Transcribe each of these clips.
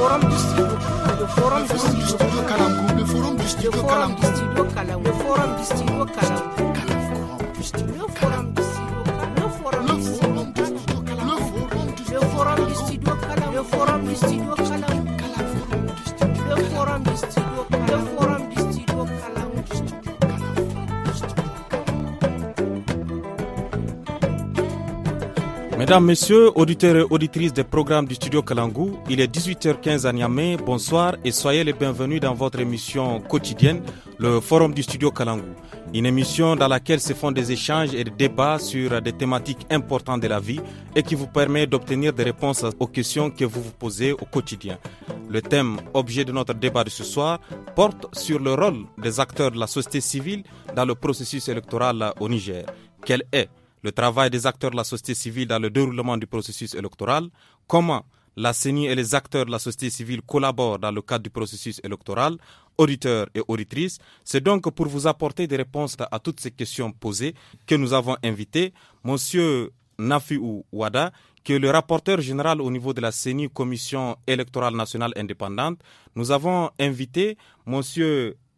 forum du studio le forum du studio kalam le forum du studio kalam le forum du studio kalam le forum du studio kalam Mesdames, Messieurs, auditeurs et auditrices des programmes du studio Kalangou, il est 18h15 à Niamey. Bonsoir et soyez les bienvenus dans votre émission quotidienne, le Forum du studio Kalangou. Une émission dans laquelle se font des échanges et des débats sur des thématiques importantes de la vie et qui vous permet d'obtenir des réponses aux questions que vous vous posez au quotidien. Le thème objet de notre débat de ce soir porte sur le rôle des acteurs de la société civile dans le processus électoral au Niger. Quel est le travail des acteurs de la société civile dans le déroulement du processus électoral, comment la CENI et les acteurs de la société civile collaborent dans le cadre du processus électoral, auditeurs et auditrices. C'est donc pour vous apporter des réponses à toutes ces questions posées que nous avons invité Monsieur Nafiou Ouada, qui est le rapporteur général au niveau de la CENI, Commission électorale nationale indépendante. Nous avons invité M.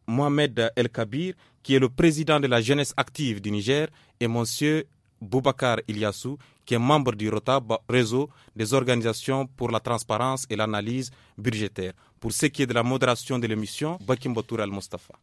Mohamed El Kabir, qui est le président de la jeunesse active du Niger, et Monsieur Boubacar Ilyassou, qui est membre du ROTAB, réseau des organisations pour la transparence et l'analyse budgétaire. Pour ce qui est de la modération de l'émission, Bakim Batour Al-Mustafa.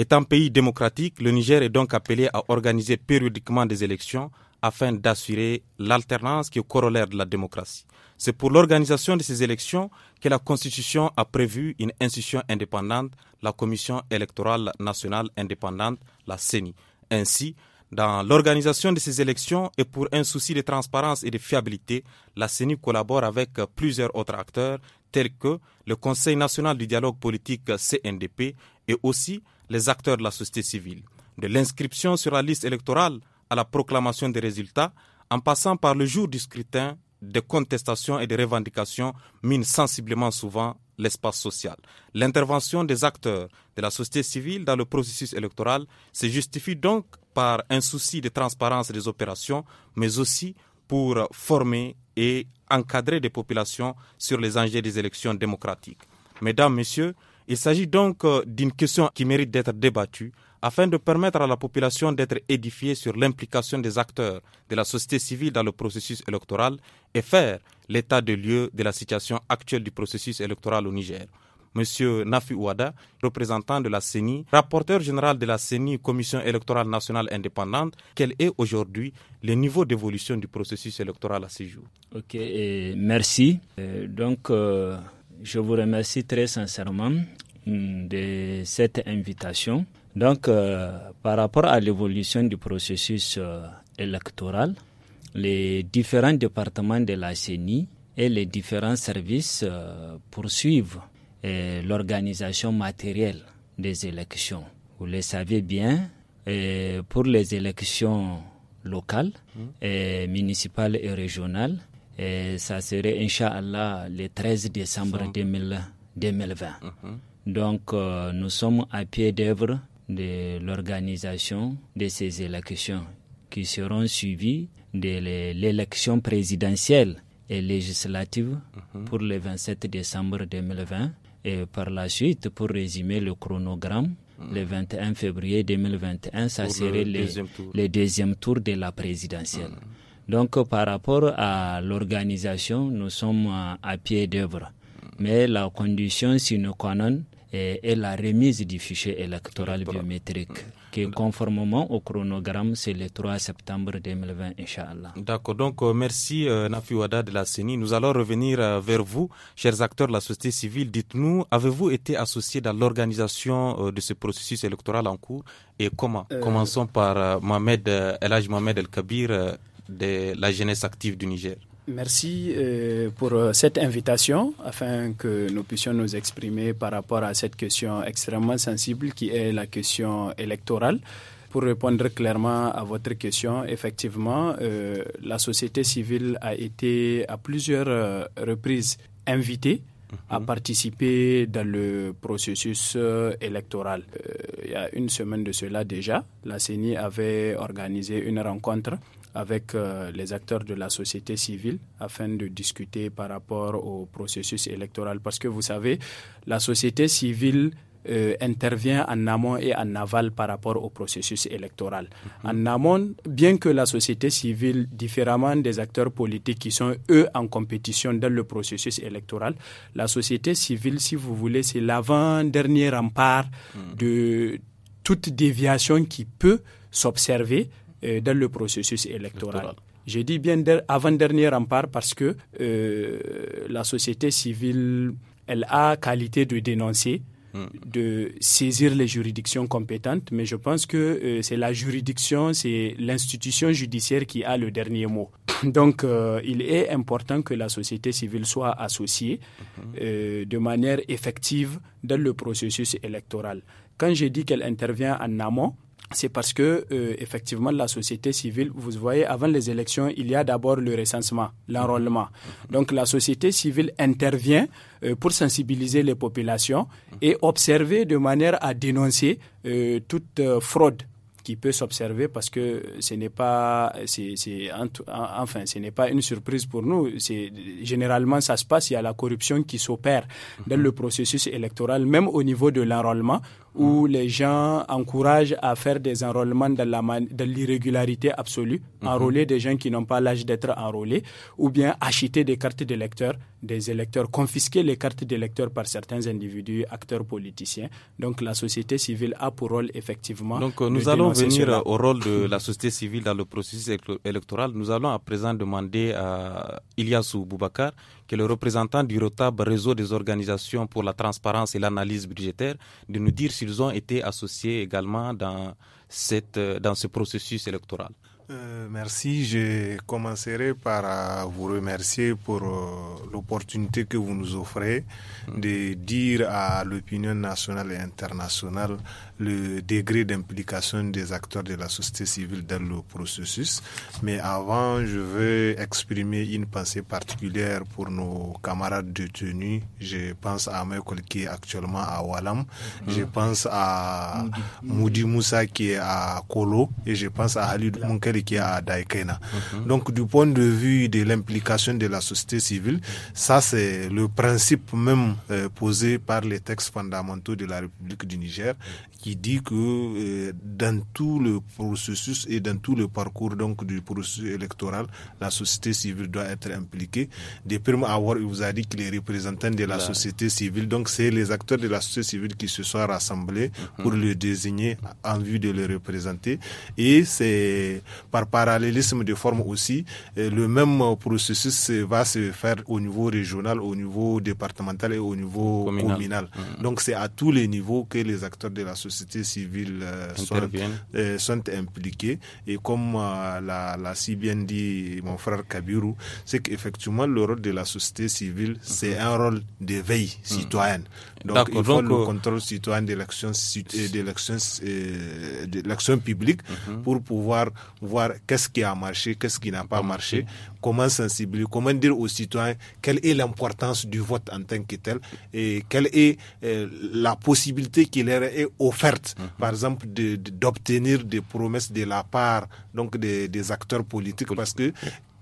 Étant pays démocratique, le Niger est donc appelé à organiser périodiquement des élections afin d'assurer l'alternance qui est corollaire de la démocratie. C'est pour l'organisation de ces élections que la Constitution a prévu une institution indépendante, la Commission électorale nationale indépendante, la CENI. Ainsi, dans l'organisation de ces élections et pour un souci de transparence et de fiabilité, la CENI collabore avec plusieurs autres acteurs tels que le Conseil national du dialogue politique CNDP et aussi les acteurs de la société civile. De l'inscription sur la liste électorale à la proclamation des résultats, en passant par le jour du scrutin, des contestations et des revendications minent sensiblement souvent l'espace social. L'intervention des acteurs de la société civile dans le processus électoral se justifie donc par un souci de transparence des opérations, mais aussi pour former et encadrer des populations sur les enjeux des élections démocratiques. Mesdames, Messieurs, il s'agit donc euh, d'une question qui mérite d'être débattue afin de permettre à la population d'être édifiée sur l'implication des acteurs de la société civile dans le processus électoral et faire l'état de lieu de la situation actuelle du processus électoral au Niger. Monsieur Nafi Ouada, représentant de la CENI, rapporteur général de la CENI, Commission électorale nationale indépendante, quel est aujourd'hui le niveau d'évolution du processus électoral à ce jour Ok, merci. Euh, donc, euh, je vous remercie très sincèrement hum, de cette invitation. Donc, euh, par rapport à l'évolution du processus euh, électoral, les différents départements de la CENI et les différents services euh, poursuivent l'organisation matérielle des élections. Vous le savez bien, pour les élections locales, mmh. municipales et régionales, et ça serait, Inch'Allah, le 13 décembre 2020. Mhm. Donc, euh, nous sommes à pied d'œuvre de l'organisation de ces élections qui seront suivies de l'élection présidentielle et législative mhm. pour le 27 décembre 2020. Et par la suite, pour résumer le chronogramme, mhm. le 21 février 2021, ça serait le deuxième, tour. de la présidentielle. Donc par rapport à l'organisation, nous sommes à pied d'œuvre. Mais la condition sine qua non est, la remise du fichier électoral biométrique mm. qui conformément au chronogramme, c'est le 3 septembre 2020, Inch'Allah. D'accord, donc euh, merci euh, Nafi de la CENI. Nous allons revenir euh, vers vous, chers acteurs de la société civile. Dites-nous, avez-vous été associé dans l'organisation de ce processus électoral en cours et comment Commençons par Mohamed, El Mohamed El Kabir, de la jeunesse active du Niger. Merci euh, pour euh, cette invitation afin que nous puissions nous exprimer par rapport à cette question extrêmement sensible qui est la question électorale. Pour répondre clairement à votre question, effectivement, euh, la société civile a été à plusieurs reprises invitée à mhm. participer dans le processus électoral. il y a une semaine de cela déjà, la CENI avait organisé une rencontre avec euh, les acteurs de la société civile afin de discuter par rapport au processus électoral. Parce que vous savez, la société civile euh, intervient en amont et en aval par rapport au processus électoral. Mhm. En amont, bien que la société civile, différemment des acteurs politiques qui sont eux en compétition dans le processus électoral, la société civile, si vous voulez, c'est l'avant-dernier rempart mhm. de toute déviation qui peut s'observer euh, dans le processus électoral. J'ai dit bien avant-dernier rempart parce que euh, la société civile, elle a qualité de dénoncer hmm. de saisir les juridictions compétentes, mais je pense que euh, c'est la juridiction, c'est l'institution judiciaire qui a le dernier mot. Donc, il est important que la société civile soit associée hmm. de manière effective dans le processus électoral. Quand j'ai dit qu'elle intervient en amont, c'est parce que euh, effectivement la société civile, vous voyez, avant les élections, il y a d'abord le recensement, l'enrôlement. Mhm. Donc la société civile intervient euh, pour sensibiliser les populations et observer de manière à dénoncer euh, toute fraude qui peut s'observer parce que ce n'est pas, enfin, ce n'est pas une surprise pour nous. généralement, ça se passe, il y a la corruption qui s'opère dans mhm. le processus électoral, même au niveau de l'enrôlement où les gens encouragent à faire des enrôlements de l'irrégularité absolue, mhm. enrôler des gens qui n'ont pas l'âge d'être enrôlés, ou bien acheter des cartes d'électeurs, des électeurs, confisquer les cartes d'électeurs par certains individus, acteurs politiciens. Donc la société civile a pour rôle effectivement. Donc euh, nous allons venir au rôle de la société civile dans le processus électoral. Nous allons à présent demander à Ilyassou Boubacar que le représentant du rotable Réseau des organisations pour la transparence et l'analyse budgétaire, de nous dire s'ils ont été associés également dans, cette, euh, dans ce processus électoral. Euh, merci. Je commencerai par euh, vous remercier pour euh, l'opportunité que vous nous offrez mm. de dire à l'opinion nationale et internationale le degré d'implication des acteurs de la société civile dans le processus. Mais avant, je veux exprimer une pensée particulière pour nos camarades détenus. Je pense à Michael qui est actuellement à Walam. Mm-hmm. Je pense à Moudi Moussa qui est à Kolo. Et je pense à Halid Munkel qui a Daikena. Donc du point de vue de l'implication de la société civile, ça c'est le principe même euh, posé par les textes fondamentaux de la République du Niger qui dit que euh, dans tout le processus et dans tout le parcours donc du processus électoral, la société civile doit être impliquée. Des avoir, il vous a dit que les représentants de la société civile, donc c'est les acteurs de la société civile qui se sont rassemblés mhm. pour le désigner en vue de le représenter. Et c'est par parallélisme de forme aussi, euh, le même processus va se faire au niveau régional, au niveau départemental et au niveau communal. Mm. Donc c'est à tous les niveaux que les acteurs de la société civile euh, euh, sont, impliqués. Et comme l'a, si bien dit mon frère Kabiru, c'est qu'effectivement le rôle de la société civile, mm-hmm. c'est un rôle de veille mm. citoyenne. Donc il faut le contrôle citoyen de l'action, de l'action, de l'action publique mm-hmm. pour pouvoir voir qu'est-ce qui a marché, qu'est-ce qui n'a pas ah, marché, comment sensibiliser, comment dire aux citoyens quelle est l'importance du vote en tant que tel et quelle est euh, la possibilité qui leur est offerte, mhm. par exemple, d'obtenir des promesses de la part donc des, acteurs politiques parce que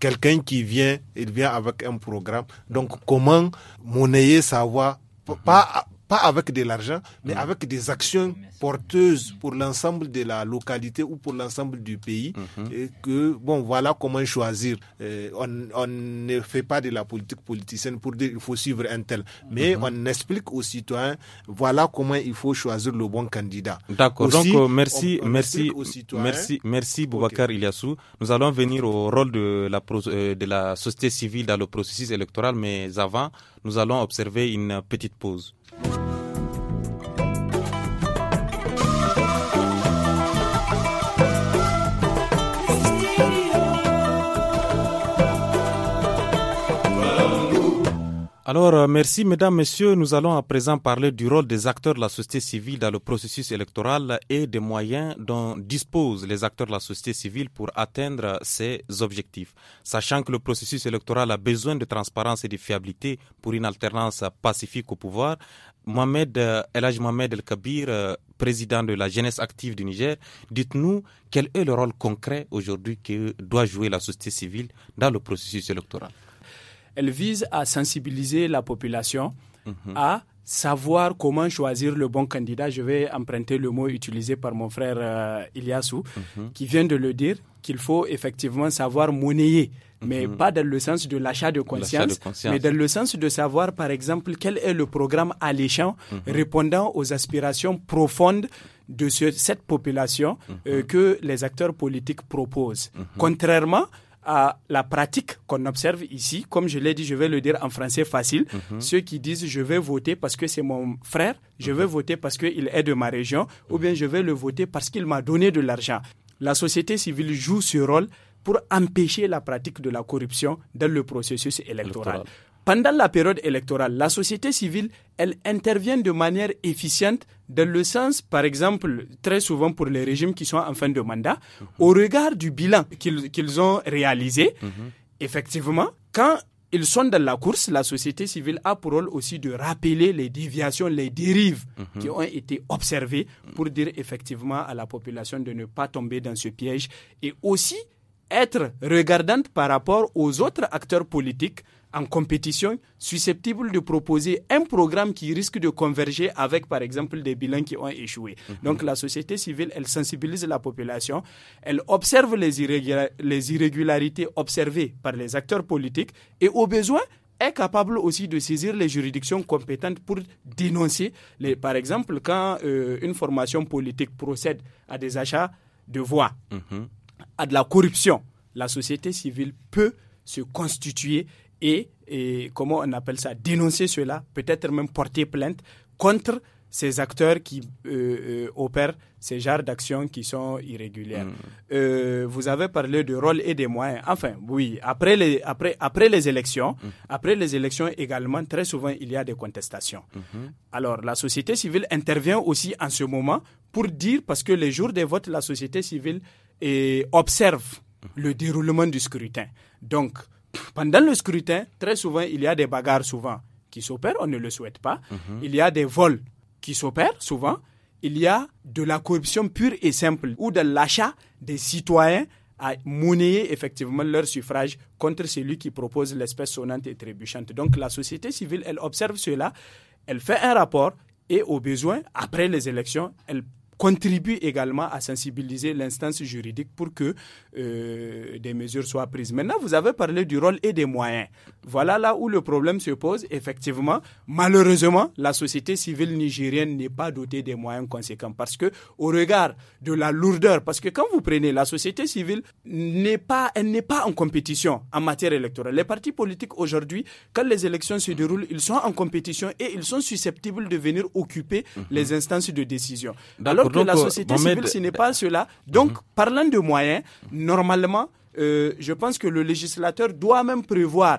quelqu'un qui vient, il vient avec un programme. Donc comment monnayer sa voix mhm. pas pas avec de l'argent, mais avec des actions porteuses pour mm-hmm. l'ensemble de la localité ou pour l'ensemble du pays. Mm-hmm. Et que, bon, voilà comment choisir. Euh, on, ne fait pas de la politique politicienne pour dire il faut suivre un tel. Mais mm-hmm. on explique aux citoyens, voilà comment il faut choisir le bon candidat. D'accord. Donc, euh, merci, merci, merci, merci, Boubacar Ilyassou. Nous allons venir au rôle de la, euh, de la société civile dans le processus électoral, mais avant, nous allons observer une petite pause. you. Alors, euh, merci, mesdames, messieurs. Nous allons à présent parler du rôle des acteurs de la société civile dans le processus électoral et des moyens dont disposent les acteurs de la société civile pour atteindre ces objectifs. Sachant que le processus électoral a besoin de transparence et de fiabilité pour une alternance pacifique au pouvoir, Mohamed euh, Elhaj Mohamed El Kabir, euh, président de la jeunesse active du Niger, dites-nous quel est le rôle concret aujourd'hui que doit jouer la société civile dans le processus électoral. Elle vise à sensibiliser la population mhm. à savoir comment choisir le bon candidat. Je vais emprunter le mot utilisé par mon frère euh, Iliassou, mhm. qui vient de le dire, qu'il faut effectivement savoir monnayer mais mhm. pas dans le sens de l'achat de, conscience, mais dans le sens de savoir, par exemple, quel est le programme alléchant répondant aux aspirations profondes de cette population euh, que les acteurs politiques proposent. Contrairement à la pratique qu'on observe ici. Comme je l'ai dit, je vais le dire en français facile. Mhm. Ceux qui disent je vais voter parce que c'est mon frère, je vais voter parce qu'il est de ma région, ou bien je vais le voter parce qu'il m'a donné de l'argent. La société civile joue ce rôle pour empêcher la pratique de la corruption dans le processus électoral. Pendant la période électorale, la société civile, elle intervient de manière efficiente dans le sens, par exemple, très souvent pour les régimes qui sont en fin de mandat, mhm. au regard du bilan qu'ils ont réalisé, mhm. effectivement, quand ils sont dans la course, la société civile a pour rôle aussi de rappeler les déviations, les dérives mhm. qui ont été observées pour dire effectivement à la population de ne pas tomber dans ce piège et aussi être regardante par rapport aux autres acteurs politiques en compétition susceptible de proposer un programme qui risque de converger avec, par exemple, des bilans qui ont échoué. Mhm. Donc la société civile, elle sensibilise la population, elle observe les, irrégularités observées par les acteurs politiques et au besoin, est capable aussi de saisir les juridictions compétentes pour dénoncer, les, par exemple, quand euh, une formation politique procède à des achats de voix, mhm. à de la corruption, la société civile peut se constituer et, comment on appelle ça, dénoncer cela, peut-être même porter plainte contre ces acteurs qui euh, euh, opèrent ces genres d'actions qui sont irrégulières. Hmm. Euh, vous avez parlé de rôle et des moyens. Enfin, oui, après les, après, après les élections, hmm. après les élections également, très souvent, il y a des contestations. Hmm. Alors, la société civile intervient aussi en ce moment pour dire, parce que les jours des votes, la société civile eh, observe le déroulement du scrutin. Donc, pendant le scrutin, très souvent, il y a des bagarres souvent qui s'opèrent, on ne le souhaite pas. Mhm. Il y a des vols qui s'opèrent souvent. Il y a de la corruption pure et simple ou de l'achat des citoyens à monnayer effectivement leur suffrage contre celui qui propose l'espèce sonnante et trébuchante. Donc la société civile, elle observe cela, elle fait un rapport et au besoin, après les élections, elle contribue également à sensibiliser l'instance juridique pour que euh, des mesures soient prises. Maintenant, vous avez parlé du rôle et des moyens. Voilà là où le problème se pose. Effectivement, malheureusement, la société civile nigérienne n'est pas dotée des moyens conséquents parce que, au regard de la lourdeur, parce que quand vous prenez la société civile, n'est pas, elle n'est pas en compétition en matière électorale. Les partis politiques aujourd'hui, quand les élections se déroulent, ils sont en compétition et ils sont susceptibles de venir occuper mhm. les instances de décision. Alors que la euh, société civile, ce n'est pas cela. Donc, mhm. parlant de moyens, normalement, euh, je pense que le législateur doit même prévoir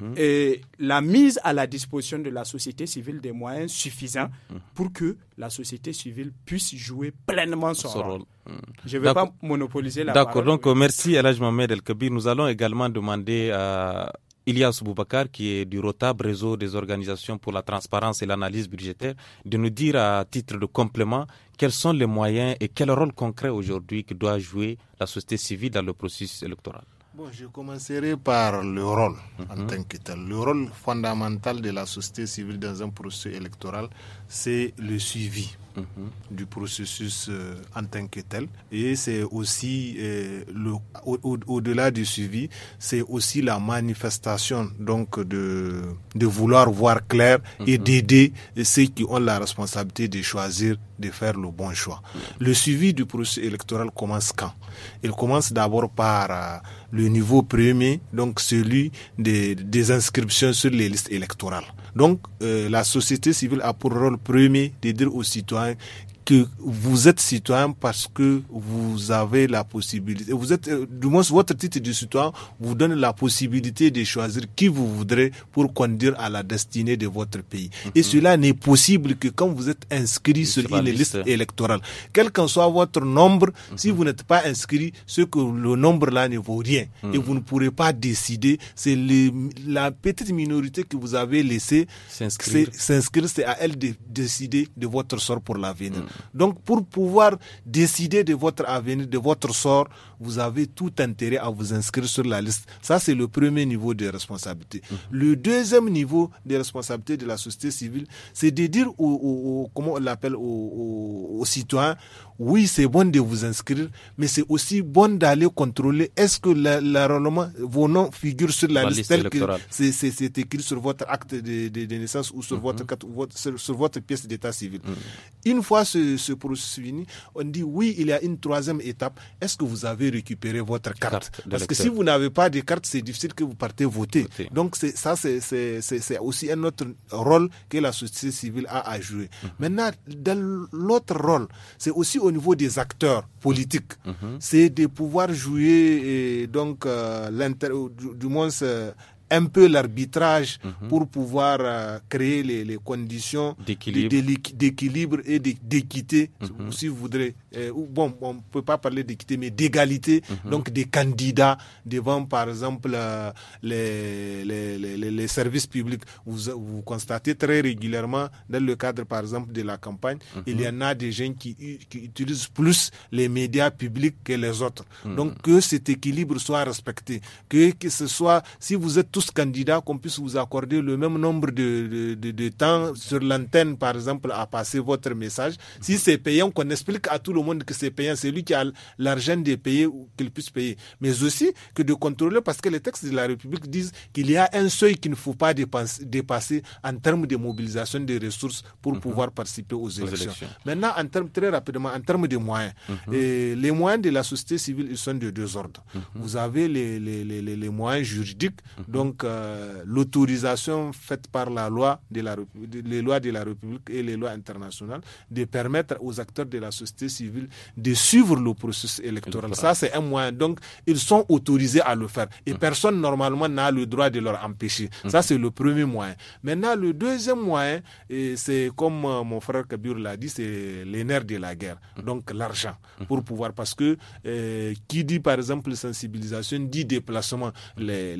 Mhm. et la mise à la disposition de la société civile des moyens suffisants mhm. pour que la société civile puisse jouer pleinement son, rôle. Mhm. Je ne vais pas monopoliser la parole. D'accord, donc euh, merci à Mohamed El Kabir. Nous allons également demander à Ilias Boubacar, qui est du ROTAB, réseau des organisations pour la transparence et l'analyse budgétaire, de nous dire à titre de complément quels sont les moyens et quel rôle concret aujourd'hui que doit jouer la société civile dans le processus électoral je commencerai par le rôle en mhm. tant que Le rôle fondamental de la société civile dans un processus électoral, c'est le suivi. Mhm. du processus euh, en tant que tel. Et c'est aussi, euh, au-delà du suivi, c'est aussi la manifestation donc de, de vouloir voir clair et mhm. d'aider ceux qui ont la responsabilité de choisir de faire le bon choix. Le suivi du processus électoral commence quand Il commence d'abord par euh, le niveau premier, donc celui des, des inscriptions sur les listes électorales. Donc, euh, la société civile a pour rôle premier de dire aux citoyens que vous êtes citoyen parce que vous avez la possibilité, vous êtes, euh, du moins votre titre de citoyen vous donne la possibilité de choisir qui vous voudrez pour conduire à la destinée de votre pays. Et mm-hmm. cela n'est possible que quand vous êtes inscrit sur une liste. électorales électorale. Quel qu'en soit votre nombre, mm-hmm. si vous n'êtes pas inscrit, ce que le nombre là ne vaut rien. Et mm-hmm. vous ne pourrez pas décider. C'est la petite minorité que vous avez laissée s'inscrire. C'est à elle de décider de votre sort pour l'avenir. Mm. Donc pour pouvoir décider de votre avenir, de votre sort, vous avez tout intérêt à vous inscrire sur la liste. Ça, c'est le premier niveau de responsabilité. Mhm. Le deuxième niveau de responsabilité de la société civile, c'est de dire aux, comment on l'appelle, aux, citoyens, oui, c'est bon de vous inscrire, mais c'est aussi bon d'aller contrôler est-ce que l'enrôlement, vos noms figurent sur la, liste, électorale. c'est écrit sur votre acte de, naissance ou sur, mhm. votre, sur, votre pièce d'état civil. Mhm. Une fois ce, ce, processus fini, on dit oui, il y a une troisième étape. Est-ce que vous avez récupéré votre carte, Parce que si vous n'avez pas de carte, c'est difficile que vous partez voter. Donc ça, c'est aussi un autre rôle que la société civile a à jouer. Mhm. Maintenant, l'autre rôle, c'est aussi au niveau des acteurs politiques. Mhm. C'est de pouvoir jouer et donc euh, du, moins euh, un peu l'arbitrage mhm. pour pouvoir euh, créer les, conditions d'équilibre et d'équité, mhm. si vous voudrez. Euh, bon, on ne peut pas parler d'équité, mais d'égalité. Mhm. Donc des candidats devant, par exemple, euh, les, les, services publics. Vous, constatez très régulièrement, dans le cadre, par exemple, de la campagne, il y en a des gens qui, qui, utilisent plus les médias publics que les autres. Donc que cet équilibre soit respecté, que, que ce soit, si vous êtes tous candidats qu'on puisse vous accorder le même nombre de, temps sur l'antenne, par exemple, à passer votre message. Si c'est payant, qu'on explique à tout le monde que c'est payant, c'est lui qui a l'argent de payer ou qu'il puisse payer. Mais aussi que de contrôler, parce que les textes de la République disent qu'il y a un seuil qu'il ne faut pas dépasser en termes de mobilisation des ressources pour mhm. pouvoir participer aux élections. Maintenant, en termes, très rapidement, en termes de moyens, mhm. les moyens de la société civile, ils sont de deux ordres. Mhm. Vous avez les, les, les moyens juridiques, donc donc euh, l'autorisation faite par la loi de la, les lois de la République et les lois internationales de permettre aux acteurs de la société civile de suivre le processus électoral. Ça, c'est un moyen. Donc, ils sont autorisés à le faire. Et hum. personne, normalement, n'a le droit de leur empêcher. Hum. Ça, c'est le premier moyen. Maintenant, le deuxième moyen, c'est comme euh, mon frère Kabir l'a dit, c'est les de la guerre. Hum. Donc, l'argent. Pour pouvoir. Parce que euh, qui dit, par exemple, sensibilisation, dit déplacement. les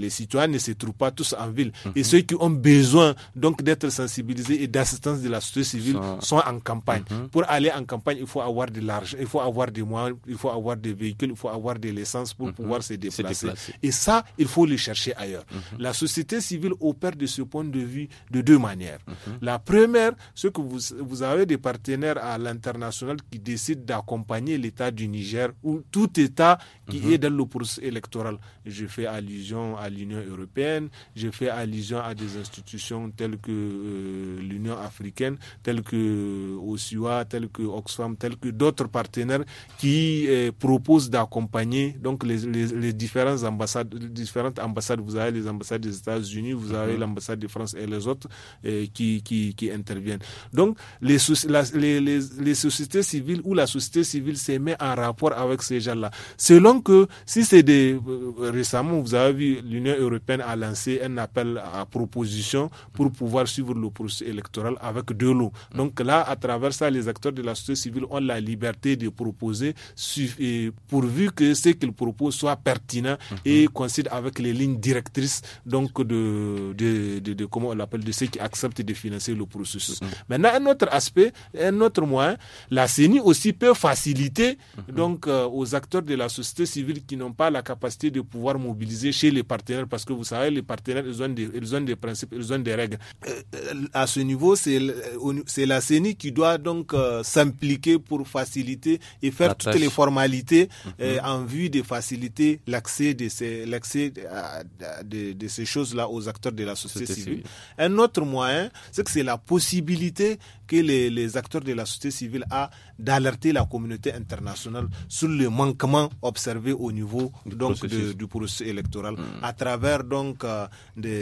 les citoyens ne se trouvent pas tous en ville. Et mhm. ceux qui ont besoin donc d'être sensibilisés et d'assistance de la société civile sont en campagne. Mhm. Pour aller en campagne, il faut avoir de l'argent, il faut avoir des moyens, il faut avoir des véhicules, il faut avoir de l'essence pour mhm. pouvoir se déplacer. Et ça, il faut le chercher ailleurs. La société civile opère de ce point de vue de deux manières. La première, c'est que vous, vous avez des partenaires à l'international qui décident d'accompagner l'État du Niger ou tout État qui est dans le processus électoral. Je fais allusion à l'Union européenne, Je fait allusion à des institutions telles que euh, l'Union africaine, telles que euh, OSUA, telles que Oxfam, telles que d'autres partenaires qui euh, proposent d'accompagner donc les, les, différentes ambassades, différentes ambassades. Vous avez les ambassades des États-Unis, vous avez mhm. l'ambassade de France et les autres qui, qui, qui, interviennent. Donc les, les, sociétés civiles ou la société civile se met en rapport avec ces gens-là. Selon que si c'est des récemment vous avez vu l'Union européenne a lancé un appel à proposition pour pouvoir suivre le processus électoral avec de l'eau. Donc là, à travers ça, les acteurs de la société civile ont la liberté de proposer pourvu que ce qu'ils proposent soit pertinent et mhm. coïncide avec les lignes directrices donc de, de, de, comment on de ceux qui acceptent de financer le processus. Mhm. Maintenant, un autre aspect, un autre moyen, la CENI aussi peut faciliter mhm. donc euh, aux acteurs de la société civile qui n'ont pas la capacité de pouvoir mobiliser chez les partis parce que vous savez, les partenaires, ils ont des, ils des principes, ils ont des règles. Euh, à ce niveau, euh, c'est la CENI qui doit donc euh, s'impliquer pour faciliter et faire toutes les formalités mhm. en vue de faciliter l'accès de ces, l'accès de, ces choses-là aux acteurs de la société civile. Un autre moyen, c'est que c'est la possibilité que les, acteurs de la société civile a d'alerter la communauté internationale sur le manquement observé au niveau du donc processus. du processus électoral mhm travers donc euh, de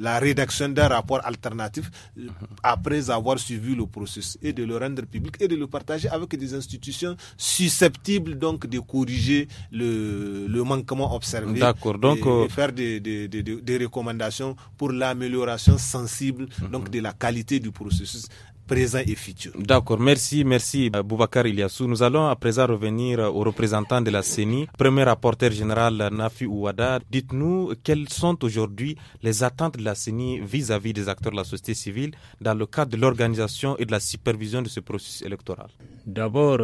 la rédaction d'un rapport alternatif euh, après avoir suivi le processus et de le rendre public et de le partager avec des institutions susceptibles donc de corriger le, manquement observé donc, euh, et, de faire des, des recommandations pour l'amélioration sensible donc mhm. de la qualité du processus présent et futur. D'accord, merci, merci euh, Boubacar Iliassou. Nous allons à présent revenir euh, aux représentants de la CENI, premier rapporteur général euh, Nafi Ouada. Dites-nous quelles sont aujourd'hui les attentes de la CENI vis-à-vis des acteurs de la société civile dans le cadre de l'organisation et de la supervision de ce processus électoral. D'abord,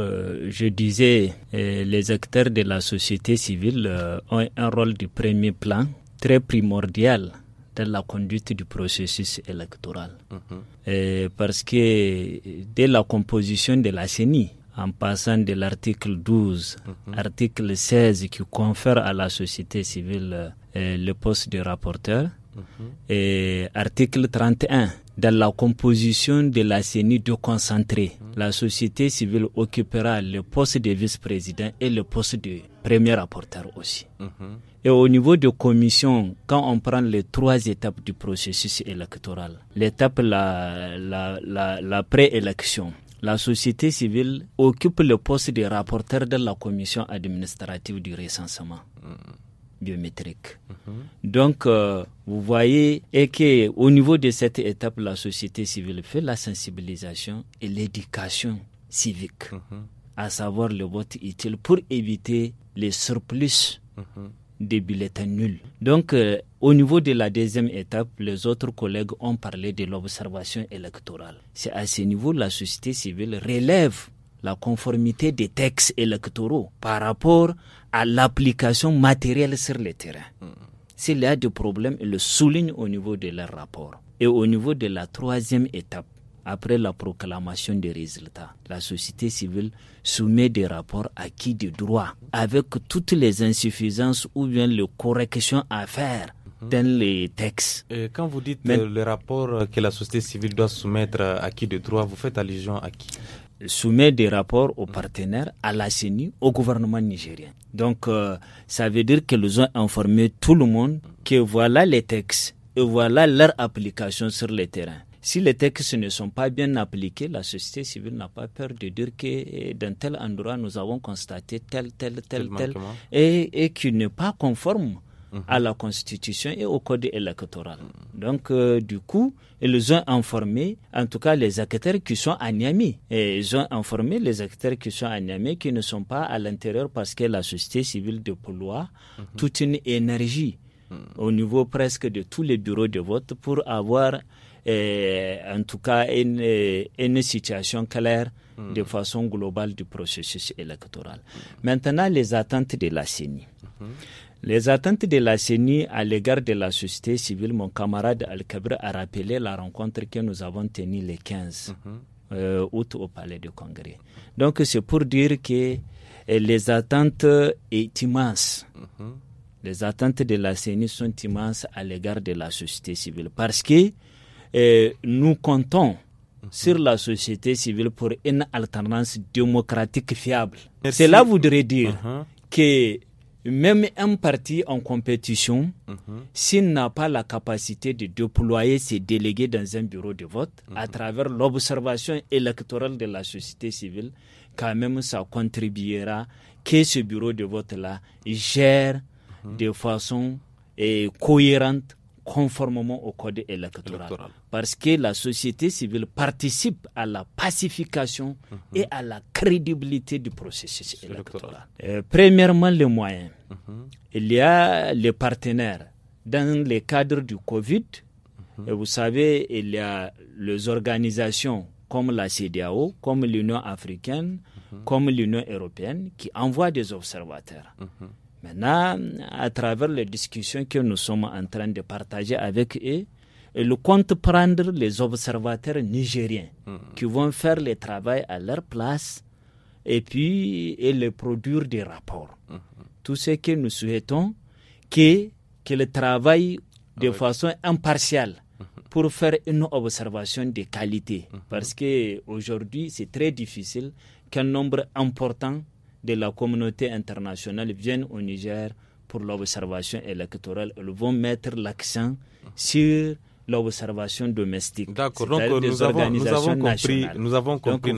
je disais, les acteurs de la société civile ont un rôle de premier plan très primordial de la conduite du processus électoral. Mhm. Euh, parce que dès la composition de la CENI, en passant de l'article 12, mhm. article 16 qui confère à la société civile euh, le poste de rapporteur, mhm. et article 31 dans la composition de la CENI de concentrer. La société civile occupera le poste de vice-président et le poste de premier rapporteur aussi. Et au niveau de commission, quand on prend les trois étapes du processus électoral, l'étape la, la, préélection, la société civile occupe le poste de rapporteur de la commission administrative du recensement biométrique. Mhm. Donc, euh, vous voyez, et que au niveau de cette étape, la société civile fait la sensibilisation et l'éducation civique, mhm. à savoir le vote utile pour éviter les surplus mhm. des bulletins nuls. Donc, euh, au niveau de la deuxième étape, les autres collègues ont parlé de l'observation électorale. C'est à ce niveau la société civile relève la conformité des textes électoraux par rapport à l'application matérielle sur le terrain. S'il y a des problèmes, ils le soulignent au niveau de leur rapport. Et au niveau de la troisième étape, après la proclamation des résultats, la société civile soumet des rapports acquis de droit avec toutes les insuffisances ou bien les corrections à faire dans les textes. quand vous dites Mais, le rapport que la société civile doit soumettre à qui de droit, vous faites allusion à qui soumet des rapports aux partenaires, à la CENI, au gouvernement nigérien. Donc, euh, ça veut dire qu'ils ont informé tout le monde que voilà les textes et voilà leur application sur le terrain. Si les textes ne sont pas bien appliqués, la société civile n'a pas peur de dire que eh, dans tel endroit, nous avons constaté tel, tel, tel, tel, et, et qui n'est pas conforme Mhm. à la Constitution et au Code électoral. Donc, euh, du coup, ils ont informé, en tout cas les acteurs qui sont à Niamey. Et ils ont informé les acteurs qui sont à Niamey qui ne sont pas à l'intérieur parce que la société civile déploie mhm. toute une énergie mhm. au niveau presque de tous les bureaux de vote pour avoir euh, en tout cas une, euh, situation claire de façon globale du processus électoral. Maintenant, les attentes de la CENI. Les attentes de la CENI à l'égard de la société civile, mon camarade Al-Kabir a rappelé la rencontre que nous avons tenue le 15 mhm. euh, août au Palais du Congrès. Donc c'est pour dire que eh, les attentes sont immenses. Mhm. Les attentes de la CENI sont immenses à l'égard de la société civile parce que eh, nous comptons mhm. sur la société civile pour une alternance démocratique fiable. Cela voudrait dire que même un parti en compétition, mhm. s'il n'a pas la capacité de déployer ses délégués dans un bureau de vote, mhm. à travers l'observation électorale de la société civile, quand même ça contribuera que ce bureau de vote-là gère mhm. de façon eh, cohérente conformément au code électoral. Parce que la société civile participe à la pacification et mhm. à la crédibilité du processus électoral. Euh, premièrement, les moyens. Mhm. Il y a les partenaires. Dans le cadre du Covid, mhm. et euh, vous savez, il y a les organisations comme la CDAO, comme l'Union africaine, comme l'Union européenne qui envoient des observateurs. Maintenant, à travers les discussions que nous sommes en train de partager avec eux, ils compte prendre les observateurs nigériens hmm. qui vont faire le travail à leur place et puis et les produire des rapports. Hmm. Tout ce que nous souhaitons, que, que le travail de façon impartiale hmm. pour faire une observation de qualité. Parce qu'aujourd'hui, c'est très difficile qu'un nombre important de la communauté internationale viennent au Niger pour l'observation électorale. Ils vont mettre l'accent sur l'observation domestique. D'accord, donc nous avons, nous avons, compris, nous avons compris,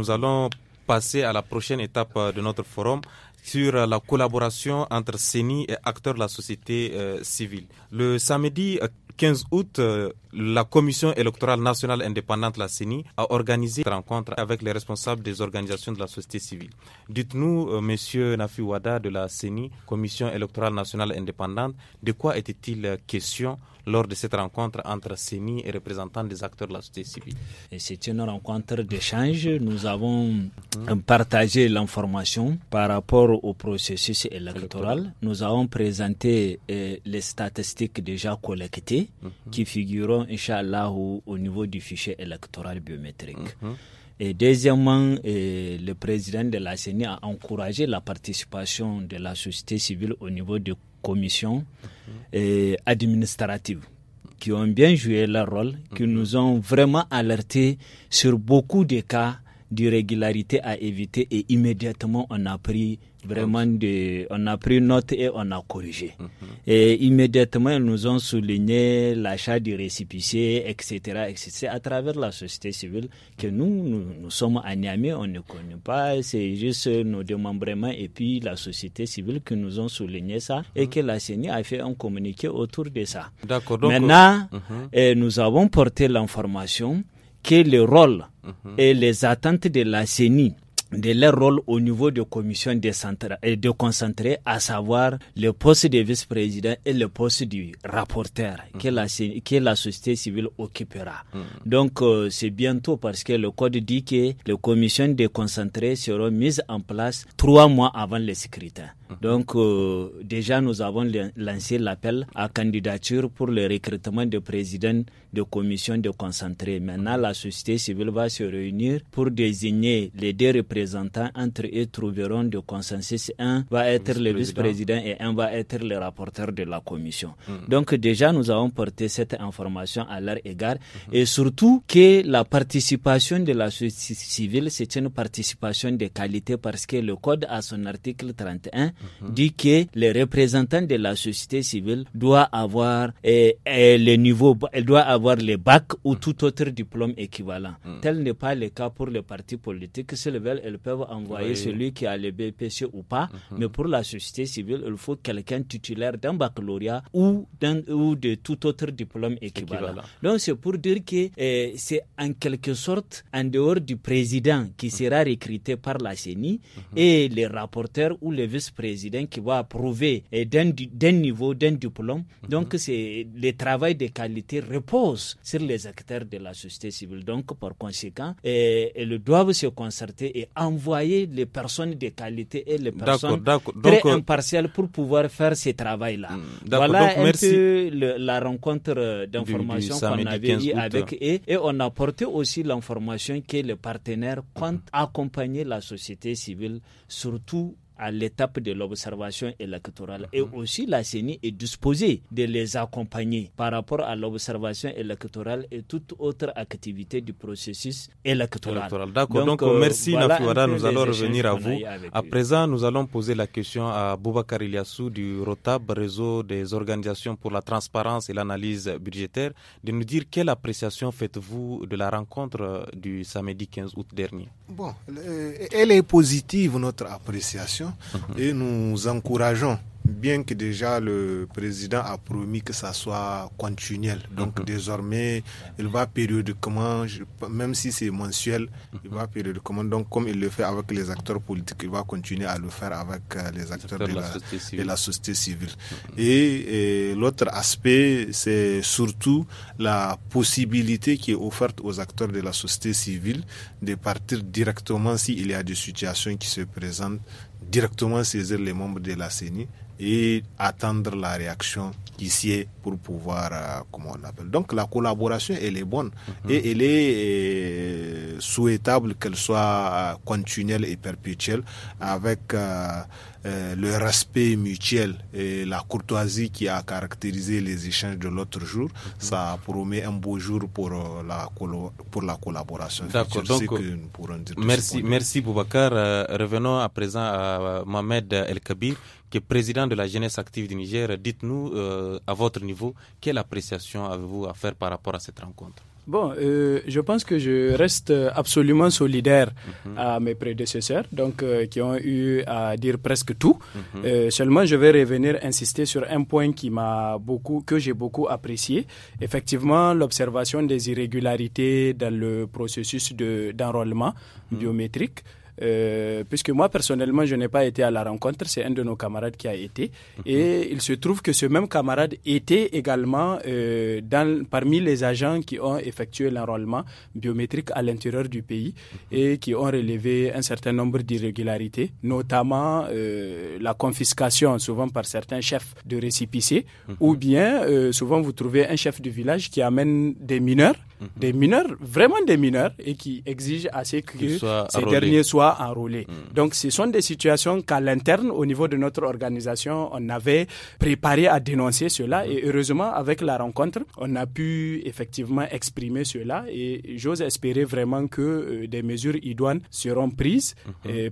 nous allons passer à la prochaine étape euh, de notre forum sur euh, la collaboration entre CENI et acteurs de la société euh, civile. Le samedi 15 août, euh, la Commission électorale nationale indépendante, la CENI, a organisé une rencontre avec les responsables des organisations de la société civile. Dites-nous, euh, Monsieur Nafi Wada de la CENI, Commission électorale nationale indépendante, de quoi était-il question lors de cette rencontre entre CENI et représentants des acteurs de la société civile. C'est une rencontre d'échange. Nous avons partagé l'information par rapport au processus électoral. Nous avons présenté euh, les statistiques déjà collectées mhm. qui figureront, au, au, niveau du fichier électoral biométrique. Mhm. Et deuxièmement, euh, le président de la CENI a encouragé la participation de la société civile au niveau du commission administrative qui ont bien joué leur rôle, qui mhm. nous ont vraiment alertés sur beaucoup de cas d'irrégularité à éviter et immédiatement on a pris Vraiment, de, on a pris note et on a corrigé. Mhm. Et immédiatement, ils nous ont souligné l'achat du récipicier, etc. C'est à travers la société civile que nous, nous, sommes animés. on ne connaît pas, c'est juste nos démembrements et puis la société civile qui nous ont souligné ça et mhm. que la CENI a fait un communiqué autour de ça. Maintenant, mhm. eh, nous avons porté l'information que le rôle et les attentes de la CENI de leur rôle au niveau euh, de commission déconcentrées, de à savoir le poste de vice-président et le poste du rapporteur que, mhm. la, que, la, société civile occupera. Mhm. Donc, euh, c'est bientôt parce que le code dit que les commissions déconcentrées seront mises en place trois mois avant les scrutins. Mhm. Donc euh, déjà, nous avons lancé l'appel à candidature pour le recrutement de présidents de commission de concentrés. Maintenant, la société civile va se réunir pour désigner les deux représentants. Entre eux, trouveront de consensus. Un va être le vice-président et un va être le rapporteur de la commission. Mhm. Donc déjà, nous avons porté cette information à leur égard mhm. et surtout que la participation de la société civile, c'est une participation de qualité parce que le Code, à son article 31, Mhm. dit que les représentants de la société civile doivent avoir eh, eh, le niveau, doit avoir les bacs ou mhm. tout autre diplôme équivalent. Mhm. Tel n'est pas le cas pour les partis politiques. S'ils veulent, elles peuvent envoyer celui qui a le BPC ou pas. Mais pour la société civile, il faut quelqu'un titulaire d'un baccalauréat ou, ou de tout autre diplôme équivalent. Donc c'est pour dire que eh, c'est en quelque sorte en dehors du président qui sera recruté par la CENI et les rapporteurs ou les vice-présidents président qui va approuver eh, d'un niveau, d'un diplôme. Mhm. Donc, c'est le travail de qualité repose sur les acteurs de la société civile. Donc, par conséquent, eh, ils doivent se concerter et envoyer les personnes de qualité et les personnes très euh, impartiales pour pouvoir faire ce travail-là. Mm, voilà donc, merci. la rencontre euh, d'information qu'on avait eu avec eux. Et on a apporté aussi l'information que les partenaires comptent mhm. accompagner la société civile, surtout à l'étape de l'observation électorale. Et mhm. aussi, la CENI est disposée de les accompagner par rapport à l'observation électorale et toute autre activité du processus électoral. D'accord. Donc, euh, merci voilà Nous allons revenir à vous. À présent, nous allons poser la question à Boubacar Iliassou du ROTAB, Réseau des organisations pour la transparence et l'analyse budgétaire, de nous dire quelle appréciation faites-vous de la rencontre du samedi 15 août dernier. Bon, elle est positive, notre appréciation Mhm. et nous encourageons bien que déjà le président a promis que ça soit continuel. Donc mhm. désormais, il va périodiquement, même si c'est mensuel, il va périodiquement, donc comme il le fait avec les acteurs politiques, il va continuer à le faire avec euh, les acteurs de, la, société civile. Mhm. Et, et l'autre aspect, c'est surtout la possibilité qui est offerte aux acteurs de la société civile de partir directement s'il y a des situations qui se présentent directement saisir les membres de la CENI et attendre la réaction s'y est pour pouvoir, euh, comment on appelle. Donc la collaboration, elle est bonne mhm. et elle est euh, souhaitable qu'elle soit euh, continuelle et perpétuelle avec le respect mutuel et la courtoisie qui a caractérisé les échanges de l'autre jour. Mhm. Ça promet un beau jour pour, la, pour la collaboration. D'accord, donc merci, merci Boubacar. revenons à présent à Mohamed El Kabir que président de la jeunesse active du Niger, dites-nous euh, à votre niveau, quelle appréciation avez-vous à faire par rapport à cette rencontre Bon, euh, je pense que je reste absolument solidaire mhm. à mes prédécesseurs, donc euh, qui ont eu à dire presque tout. Mhm. seulement, je vais revenir insister sur un point qui m'a beaucoup, que j'ai beaucoup apprécié. Effectivement, l'observation des irrégularités dans le processus d'enrôlement mhm. biométrique. Euh, puisque moi personnellement je n'ai pas été à la rencontre, c'est un de nos camarades qui a été, et mhm. il se trouve que ce même camarade était également euh, dans, parmi les agents qui ont effectué l'enrôlement biométrique à l'intérieur du pays mhm. et qui ont relevé un certain nombre d'irrégularités, notamment euh, la confiscation souvent par certains chefs de récipicés mhm. ou bien souvent vous trouvez un chef du village qui amène des mineurs Mhm. des mineurs, vraiment des mineurs, et qui exigent à ce que ces derniers soient enrôlés. Mhm. Donc ce sont des situations qu'à l'interne, au niveau de notre organisation, on avait préparé à dénoncer cela, mhm. et heureusement, avec la rencontre, on a pu effectivement exprimer cela, et j'ose espérer vraiment que euh, des mesures idoines seront prises,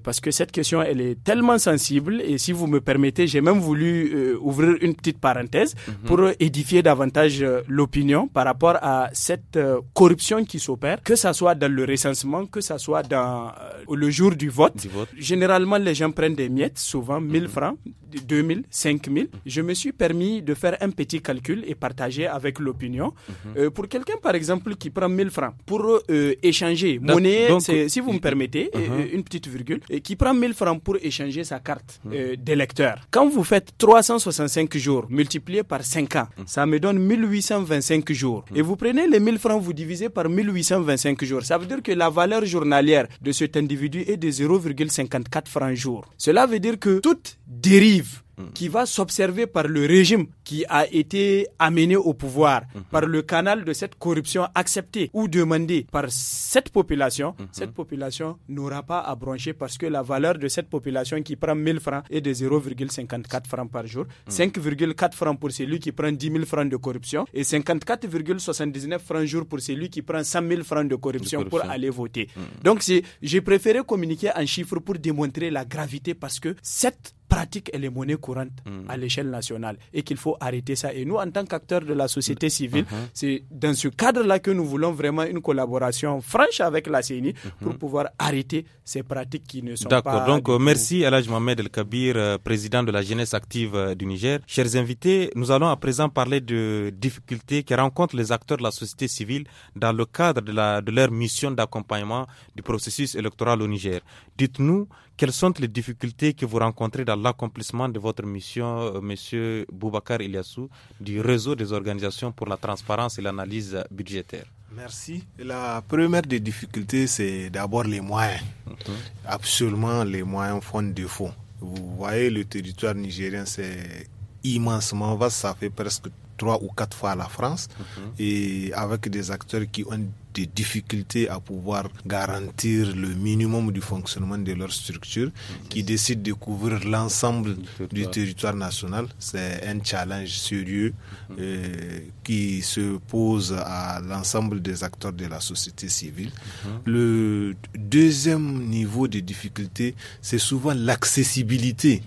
parce que cette question, elle est tellement sensible, et si vous me permettez, j'ai même voulu euh, ouvrir une petite parenthèse pour édifier davantage euh, l'opinion par rapport à cette corruption qui s'opère, que ça soit dans le recensement, que ce soit dans euh, le jour du vote. Généralement, les gens prennent des miettes, souvent 1000 mhm. francs, francs, 2000, 5000. Je me suis permis de faire un petit calcul et partager avec l'opinion. Mhm. Euh, pour quelqu'un, par exemple, qui prend 1000 francs pour euh, échanger, monnaie, si vous me permettez, mhm. une petite virgule, et qui prend 1000 francs pour échanger sa carte d'électeur. Quand vous faites 365 jours multiplié par 5 ans, ça me donne 1825 jours. Et vous prenez les 1000 francs, vous divisé par 1825 jours. Ça veut dire que la valeur journalière de cet individu est de 0,54 francs jour. Cela veut dire que toute dérive Mm. qui va s'observer par le régime qui a été amené au pouvoir, mm-hmm. par le canal de cette corruption acceptée ou demandée par cette population, mm-hmm. cette population n'aura pas à brancher parce que la valeur de cette population qui prend 1000 francs est de 0,54 francs par jour, 5,4 mm. francs pour celui qui prend 10 000 francs de corruption et 54,79 francs par jour pour celui qui prend 100 000 francs de corruption, pour aller voter. Mm. Donc j'ai préféré communiquer en chiffres pour démontrer la gravité parce que cette pratique et les monnaies courantes hmm. à l'échelle nationale et qu'il faut arrêter ça. Et nous, en tant qu'acteurs de la société hmm. civile, hmm. c'est dans ce cadre-là que nous voulons vraiment une collaboration franche avec la CENI pour pouvoir arrêter ces pratiques qui ne sont pas... D'accord, donc merci Alaj Mohamed El Kabir, euh, président de la jeunesse active euh, du Niger. Chers invités, nous allons à présent parler de difficultés que rencontrent les acteurs de la société civile dans le cadre de, la, de leur mission d'accompagnement du processus électoral au Niger. Dites-nous quelles sont les difficultés que vous rencontrez dans l'accomplissement de votre mission, euh, Monsieur Boubacar Iliassou, du réseau des organisations pour la transparence et l'analyse budgétaire Merci. La première des difficultés, c'est d'abord les moyens. Mhm. Absolument, les moyens font défaut. Vous voyez, le territoire nigérien, c'est immensement vaste. Ça fait presque trois ou quatre fois la France. Mhm. Et avec des acteurs qui ont des difficultés à pouvoir garantir le minimum du fonctionnement de leur structure, qui décident de couvrir l'ensemble du territoire national. C'est un challenge sérieux mm-hmm. euh, qui se pose à l'ensemble des acteurs de la société civile. Mm-hmm. Le deuxième niveau de difficulté, c'est souvent l'accessibilité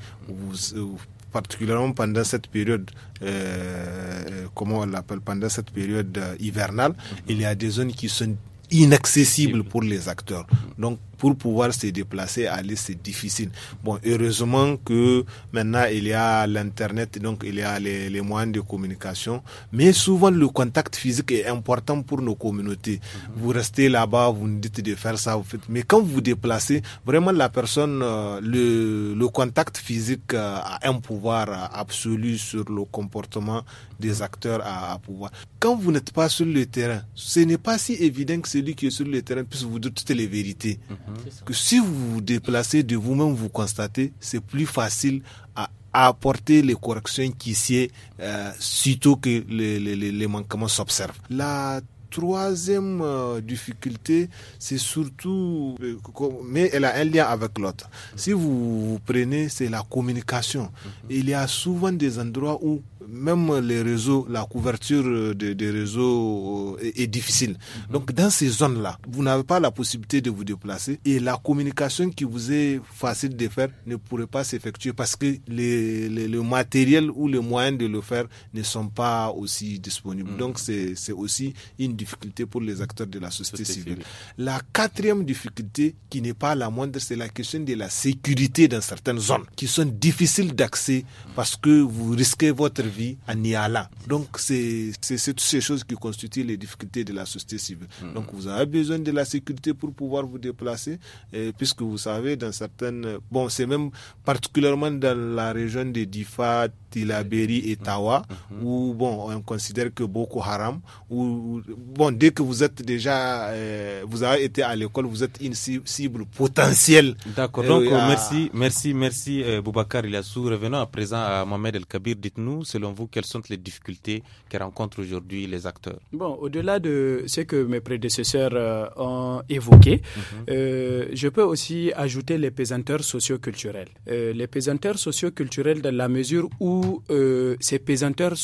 particulièrement pendant cette période, euh, euh, comment on l'appelle, pendant cette période euh, hivernale, mhm. il y a des zones qui sont inaccessibles pour les acteurs. Mhm. Donc pour pouvoir se déplacer, aller, c'est difficile. Bon, heureusement que maintenant il y a l'Internet, donc il y a les, moyens de communication. Mais souvent, le contact physique est important pour nos communautés. Mhm. Vous restez là-bas, vous nous dites de faire ça, vous faites. Mais quand vous vous déplacez, vraiment la personne, euh, le, contact physique euh, a un pouvoir euh, absolu sur le comportement des mhm. acteurs à, pouvoir. Quand vous n'êtes pas sur le terrain, ce n'est pas si évident que celui qui est sur le terrain puisse vous dire toutes les vérités. Mhm que si vous vous déplacez de vous-même, vous constatez, c'est plus facile à apporter les corrections qui s'y euh, sitôt que les, les, les manquements s'observent. La troisième euh, difficulté, c'est surtout, euh, mais elle a un lien avec l'autre. Si vous, vous prenez, c'est la communication. Mm-hmm. Il y a souvent des endroits où même les réseaux, la couverture euh, des, réseaux euh, est, difficile. Donc dans ces zones-là, vous n'avez pas la possibilité de vous déplacer et la communication qui vous est facile de faire ne pourrait pas s'effectuer parce que le matériel ou les moyens de le faire ne sont pas aussi disponibles. Hmm. Donc c'est aussi une difficulté pour les acteurs de la société, civile. civile. La quatrième difficulté, qui n'est pas la moindre, c'est la question de la sécurité dans certaines zones qui sont difficiles d'accès parce que vous risquez votre vie à Niala. Donc, c'est toutes ces choses qui constituent les difficultés de la société civile. Hmm. Donc, vous avez besoin de la sécurité pour pouvoir vous déplacer, et, euh, puisque vous savez, dans certaines... Bon, c'est même particulièrement dans la région des Difat, Tilaberi et mm-hmm. Tawa, mm-hmm. où bon, on considère que Boko Haram, où bon, dès que vous êtes déjà, euh, vous avez été à l'école, vous êtes une cible potentielle. D'accord. Donc euh, euh, merci, merci, merci, Boubacar Ilassou. Revenons à présent à Mohamed El Kabir. Dites-nous, selon vous, quelles sont les difficultés que rencontrent aujourd'hui les acteurs Bon, au-delà de ce que mes prédécesseurs ont évoqué, mm-hmm. je peux aussi ajouter les pesanteurs socioculturels. les pesanteurs socioculturels, dans la mesure où euh, ces pesanteurs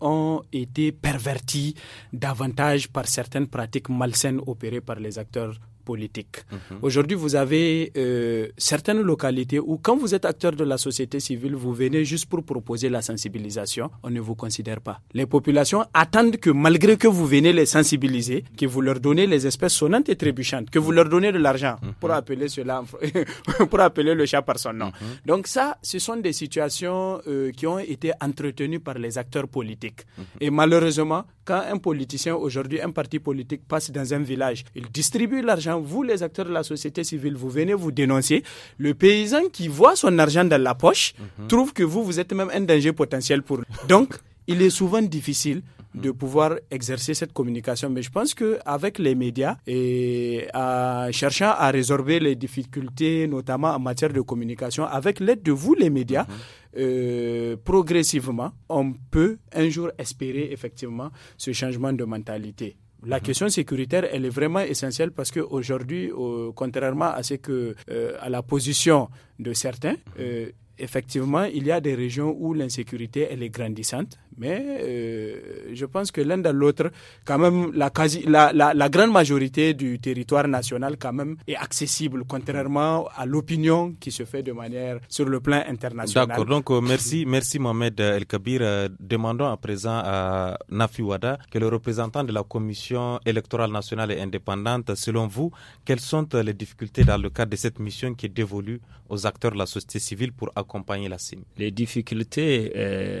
ont été pervertis davantage par certaines pratiques malsaines opérées par les acteurs politique. Mhm. Aujourd'hui, vous avez euh, certaines localités où, quand vous êtes acteur de la société civile, vous venez juste pour proposer la sensibilisation, on ne vous considère pas. Les populations attendent que, malgré que vous venez les sensibiliser, que vous leur donnez les espèces sonnantes et trébuchantes, que vous leur donnez de l'argent mhm. pour appeler cela, pour appeler le chat par son nom. Mhm. Donc ça, ce sont des situations euh, qui ont été entretenues par les acteurs politiques. Et malheureusement, quand un politicien aujourd'hui, un parti politique passe dans un village, il distribue l'argent. Vous, les acteurs de la société civile, vous venez vous dénoncer. Le paysan qui voit son argent dans la poche mhm. trouve que vous, vous êtes même un danger potentiel pour lui. Donc, il est souvent difficile de pouvoir exercer cette communication. Mais je pense qu'avec les médias et en cherchant à résorber les difficultés, notamment en matière de communication, avec l'aide de vous, les médias, mhm. euh, progressivement, on peut un jour espérer effectivement ce changement de mentalité. La mhm. question sécuritaire, elle est vraiment essentielle parce qu'aujourd'hui, aujourd'hui, contrairement à ce que, euh, à la position de certains, mhm. euh, effectivement, il y a des régions où l'insécurité, elle est grandissante, mais euh, je pense que l'un de l'autre, quand même, la, quasi, la, la, grande majorité du territoire national, quand même, est accessible, contrairement à l'opinion qui se fait de manière sur le plan international. D'accord. Donc, euh, merci, merci Mohamed El Kabir. Euh, demandons à présent à Nafi Wada, que le représentant de la Commission électorale nationale et indépendante, selon vous, quelles sont les difficultés dans le cadre de cette mission qui est dévolue aux acteurs de la société civile pour accompagner la CIMI Les difficultés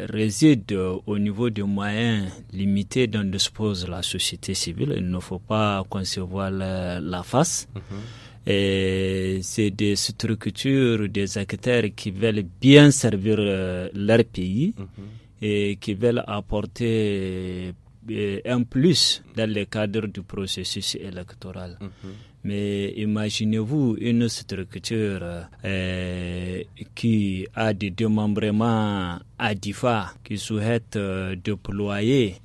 résident au niveau des moyens limités dont dispose la société civile, il ne faut pas concevoir la, face. Mhm. Et c'est des structures, des acteurs qui veulent bien servir euh, leur pays mhm. et qui veulent apporter euh, un plus dans le cadre du processus électoral. Mhm. Mais imaginez-vous une structure euh, qui a des démembrements à DIFA qui souhaite euh, déployer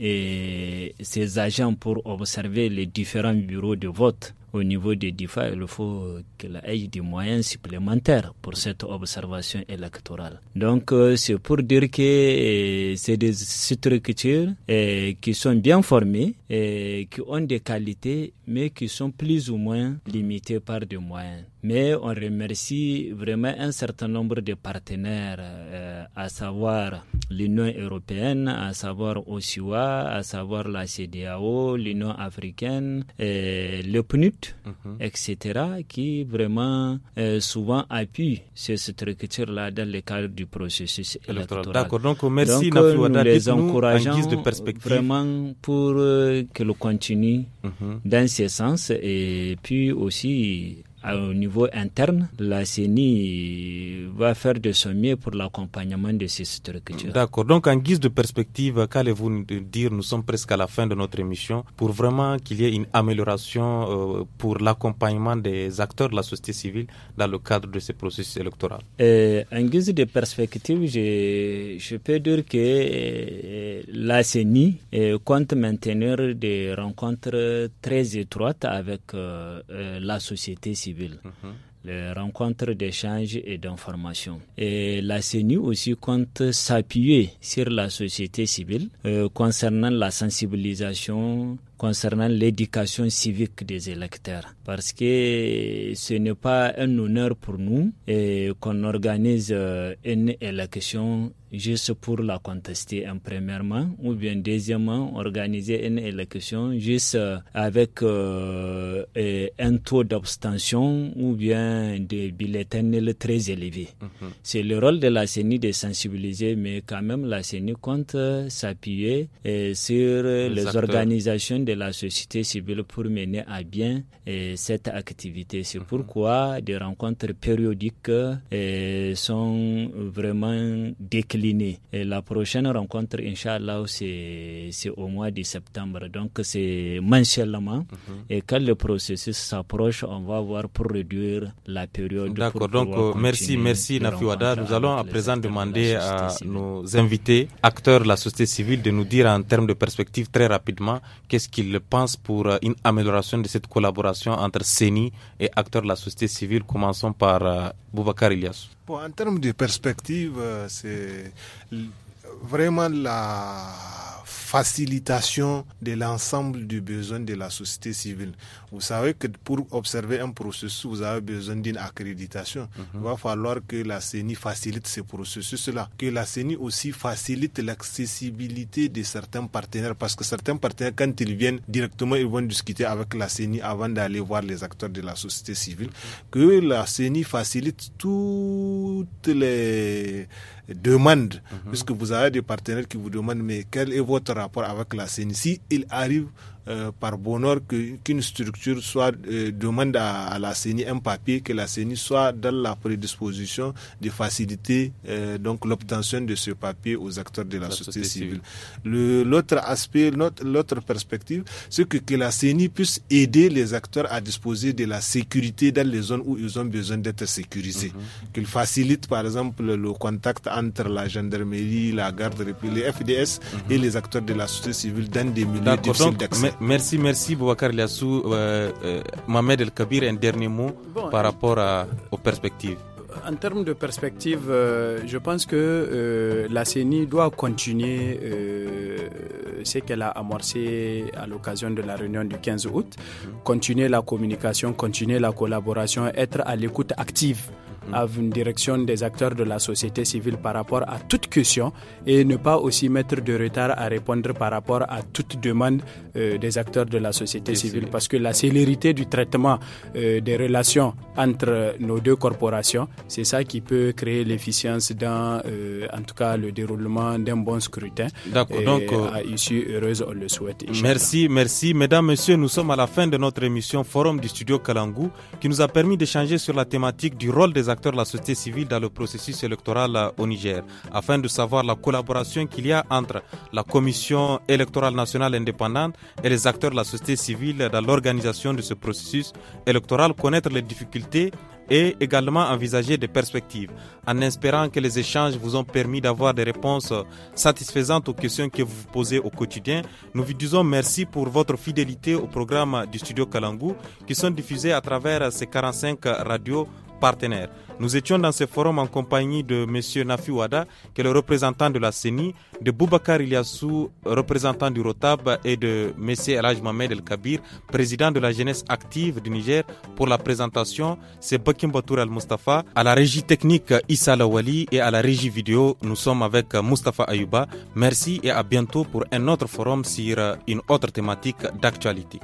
ses agents pour observer les différents bureaux de vote au niveau des DIFA, il faut qu'elle ait des moyens supplémentaires pour cette observation électorale. Donc, euh, c'est pour dire que c'est des structures qui sont bien formées, et qui ont des qualités mais qui sont plus ou moins limités par des moyens. Mais on remercie vraiment un certain nombre de partenaires, euh, à savoir l'Union européenne, à savoir OSIWA, à savoir la CDAO, l'Union africaine, euh, le mhm. etc., qui vraiment euh, souvent appuient cette structure là dans le cadre du processus électoral. D'accord, donc merci donc, nous les encourageons vraiment pour euh, que le continue, mhm. dans ses sens et puis aussi au niveau interne, la CENI va faire de son mieux pour l'accompagnement de ces structures. D'accord. Donc, en guise de perspective, qu'allez-vous dire Nous sommes presque à la fin de notre émission. Pour vraiment qu'il y ait une amélioration euh, pour l'accompagnement des acteurs de la société civile dans le cadre de ces processus électoraux euh, En guise de perspective, je, peux dire que euh, la CENI compte maintenir des rencontres très étroites avec la société civile les mhm. rencontres d'échanges et d'informations. Et la CNU aussi compte s'appuyer sur la société civile euh, concernant la sensibilisation concernant l'éducation civique des électeurs. Parce que ce n'est pas un honneur pour nous qu'on organise euh, une élection juste pour la contester, hein, premièrement, ou bien deuxièmement, organiser une élection juste euh, avec euh, un taux d'abstention ou bien des bulletins très élevés. Mhm. C'est le rôle de la CENI de sensibiliser, mais quand même la CENI compte s'appuyer sur les organisations de la société civile pour mener à bien eh, cette activité. C'est mhm. pourquoi des rencontres périodiques eh, sont vraiment déclinées. Et la prochaine rencontre, Inch'Allah, c'est au mois de septembre. Donc, c'est mensuellement. Mhm. Et quand le processus s'approche, on va voir pour réduire la période. D'accord, donc euh, merci, merci Nafiwada. Nous allons à présent demander à nos invités, acteurs de la société civile, de nous dire en termes de perspective très rapidement qu'est-ce qui qu'il pense pour euh, une amélioration de cette collaboration entre CENI et acteurs de la société civile, commençons par euh, Boubacar Ilias En termes de perspective, euh, c'est vraiment la facilitation de l'ensemble du besoin de la société civile. Vous savez que pour observer un processus, vous avez besoin d'une accréditation. Mhm. Il va falloir que la CENI facilite ce processus-là, que la CENI aussi facilite l'accessibilité de certains partenaires, parce que certains partenaires, quand ils viennent directement, ils vont discuter avec la CENI avant d'aller voir les acteurs de la société civile, que la CENI facilite toutes les demande, mhm. puisque vous avez des partenaires qui vous demandent, mais quel est votre rapport avec la CNC il arrive euh, par bonheur qu'une structure soit euh, demande à, à, la CENI un papier, que la CENI soit dans la prédisposition de faciliter euh, donc l'obtention de ce papier aux acteurs de la, société, civile. L'autre aspect, l'autre perspective, c'est que, que la CENI puisse aider les acteurs à disposer de la sécurité dans les zones où ils ont besoin d'être sécurisés. Mhm. Qu'il facilite par exemple le contact entre la gendarmerie, la garde, les FDS et mhm. les acteurs de la société civile dans des milieux difficiles d'accès. Merci, merci Bouakar Liassou. Euh, euh, Mohamed El Kabir, un dernier mot par rapport aux perspectives. En termes de perspectives, euh, je pense que la CENI doit continuer ce qu'elle a amorcé à l'occasion de la réunion du 15 août, mhm. continuer la communication, continuer la collaboration, être à l'écoute active à une direction des acteurs de la société civile par rapport à toute question et ne pas aussi mettre de retard à répondre par rapport à toute demande euh, des acteurs de la société civile. Parce que la célérité du traitement euh, des relations entre nos deux corporations, c'est ça qui peut créer l'efficience dans, euh, en tout cas, le déroulement d'un bon scrutin. D'accord. Donc, à issue heureuse, on le souhaite. Merci, merci. Mesdames, Messieurs, nous sommes à la fin de notre émission Forum du Studio Kalangou qui nous a permis d'échanger sur la thématique du rôle des acteurs acteurs de la société civile dans le processus électoral euh, au Niger, afin de savoir la collaboration qu'il y a entre la Commission électorale nationale indépendante et les acteurs de la société civile dans l'organisation de ce processus électoral, connaître les difficultés et également envisager des perspectives, en espérant que les échanges vous ont permis d'avoir des réponses euh, satisfaisantes aux questions que vous vous posez au quotidien. Nous vous disons merci pour votre fidélité au programme euh, du studio Kalangou qui sont diffusés à travers ces 45 radios partenaires. Nous étions dans ce forum en compagnie de M. Nafi Wada, qui est le représentant de la CENI, de Boubacar Ilyassou, représentant du ROTAB, et de M. Elhaj Mohamed El Kabir, président de la jeunesse active du Niger, pour la présentation. C'est Bakim Batour Al Mustafa. À la régie technique, Issa Lawali, et à la régie vidéo, nous sommes avec Mustafa Ayuba. Merci et à bientôt pour un autre forum sur une autre thématique d'actualité.